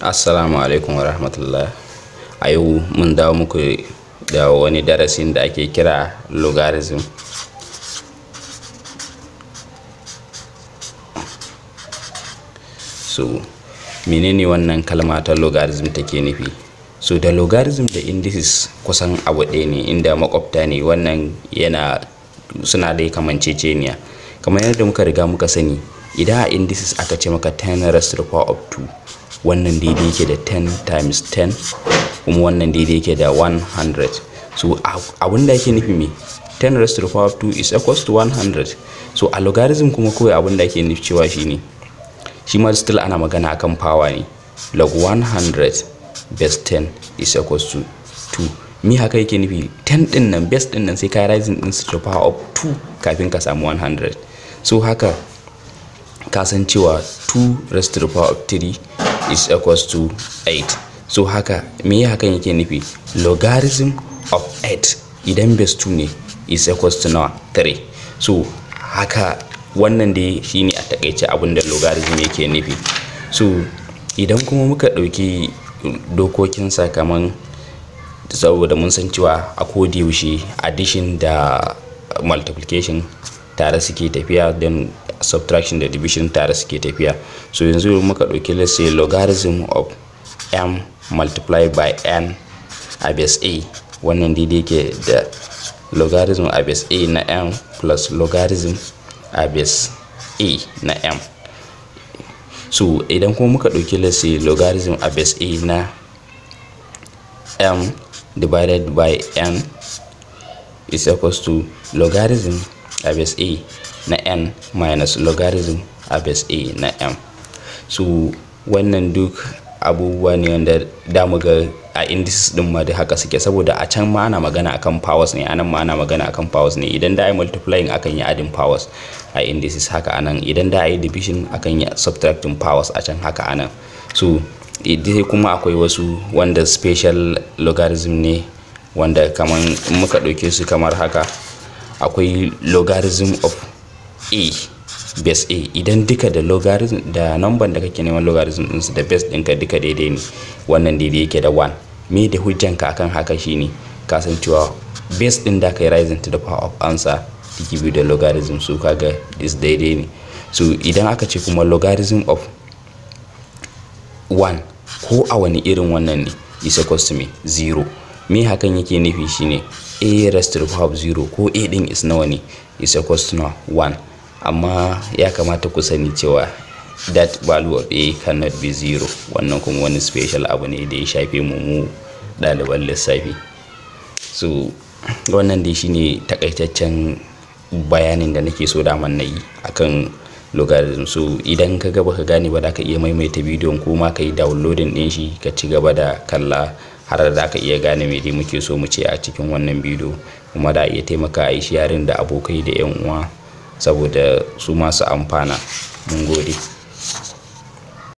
Assalamu alaikum wa rahmatullah. A yau mun dawo muku da wani darasin da ake kira logarithm. So, menene wannan kalma ta logarithm take nufi? So, da logarithm da indices kusan abu ɗaya ne inda makwabta ne wannan yana suna dai kamanceceniya. Kamar yadda muka riga muka sani, idan a indices aka ce maka 10 raised to the power of 2 wannan daidai yake da 10 times 10 kuma wannan daidai yake da 100 so abin da yake nufi me 10 raised to the power of 2 is equals to 100 so a logarithm kuma kawai abin da yake nufi cewa shi ne shi ma still ana magana akan power ne log 100 base 10 is equals to 2 mi haka yake nufi 10 din nan base din nan sai ka rising din to the power of 2 kafin ka samu 100 so haka ka san cewa 2 raised to the power of 3 is equals to 8 so haka me hakan yake nufi logarithm of 8 idan base 2 ne is equals to nawa 3 so haka wannan dai shine a takaice abin da logarithm yake nufi so idan kuma muka ɗauki dokokin sakamakon saboda mun san cewa a yaushe addition da multiplication tare suke tafiya don subtraction da division tare suke tafiya so yanzu muka ɗauki let's say logarithm of m multiplied by n a base a wannan daidai ke da logarithm a base a na m plus logarithm a base a na m so idan kuma muka ɗauki let's say logarithm a base a na m divided by n is equals to logarithm a base a na n minus logarithm a base a na m so wannan duk abubuwa ne wanda damu ga a indices din ma da haka suke saboda a can ma ana magana akan powers ne anan ma ana magana akan powers ne idan da ai multiplying akan yi adding powers a indices haka anan idan da ai division akan yi subtracting powers a can haka anan so dai kuma akwai wasu wanda special logarithm ne wanda kaman muka ɗauke su kamar haka akwai logarithm of a base a idan duka da logarithm da number da kake neman logarithm su da base ɗinka duka daidai ne wannan daidai yake da 1 me da hujjanka akan haka shine kasancewa base ɗin da kai yi rising to the power of answer give biyu da logarithm su kaga is daidai ne so idan aka ce kuma logarithm of 1 ko a wani irin wannan ne is equal to me 0 me hakan yake nufi shine a rest of half zero ko a din is nawa ne is equals 1 amma ya kamata ku sani cewa that value of a cannot be 0 wannan kuma wani special abu ne da ya shafe mu mu ɗaliban lissafi so wannan dai shine takaitaccen bayanin da nake so daman na yi akan logarithm so idan ka gaba ka gane ba za ka iya maimaita bidiyon ko ma ka yi downloading din shi ka ci gaba da kalla har da ka iya gane me dai muke so mu ce a cikin wannan bidiyo kuma da iya taimaka a yi yarin da abokai da 'yan uwa saboda su masu amfana mun gode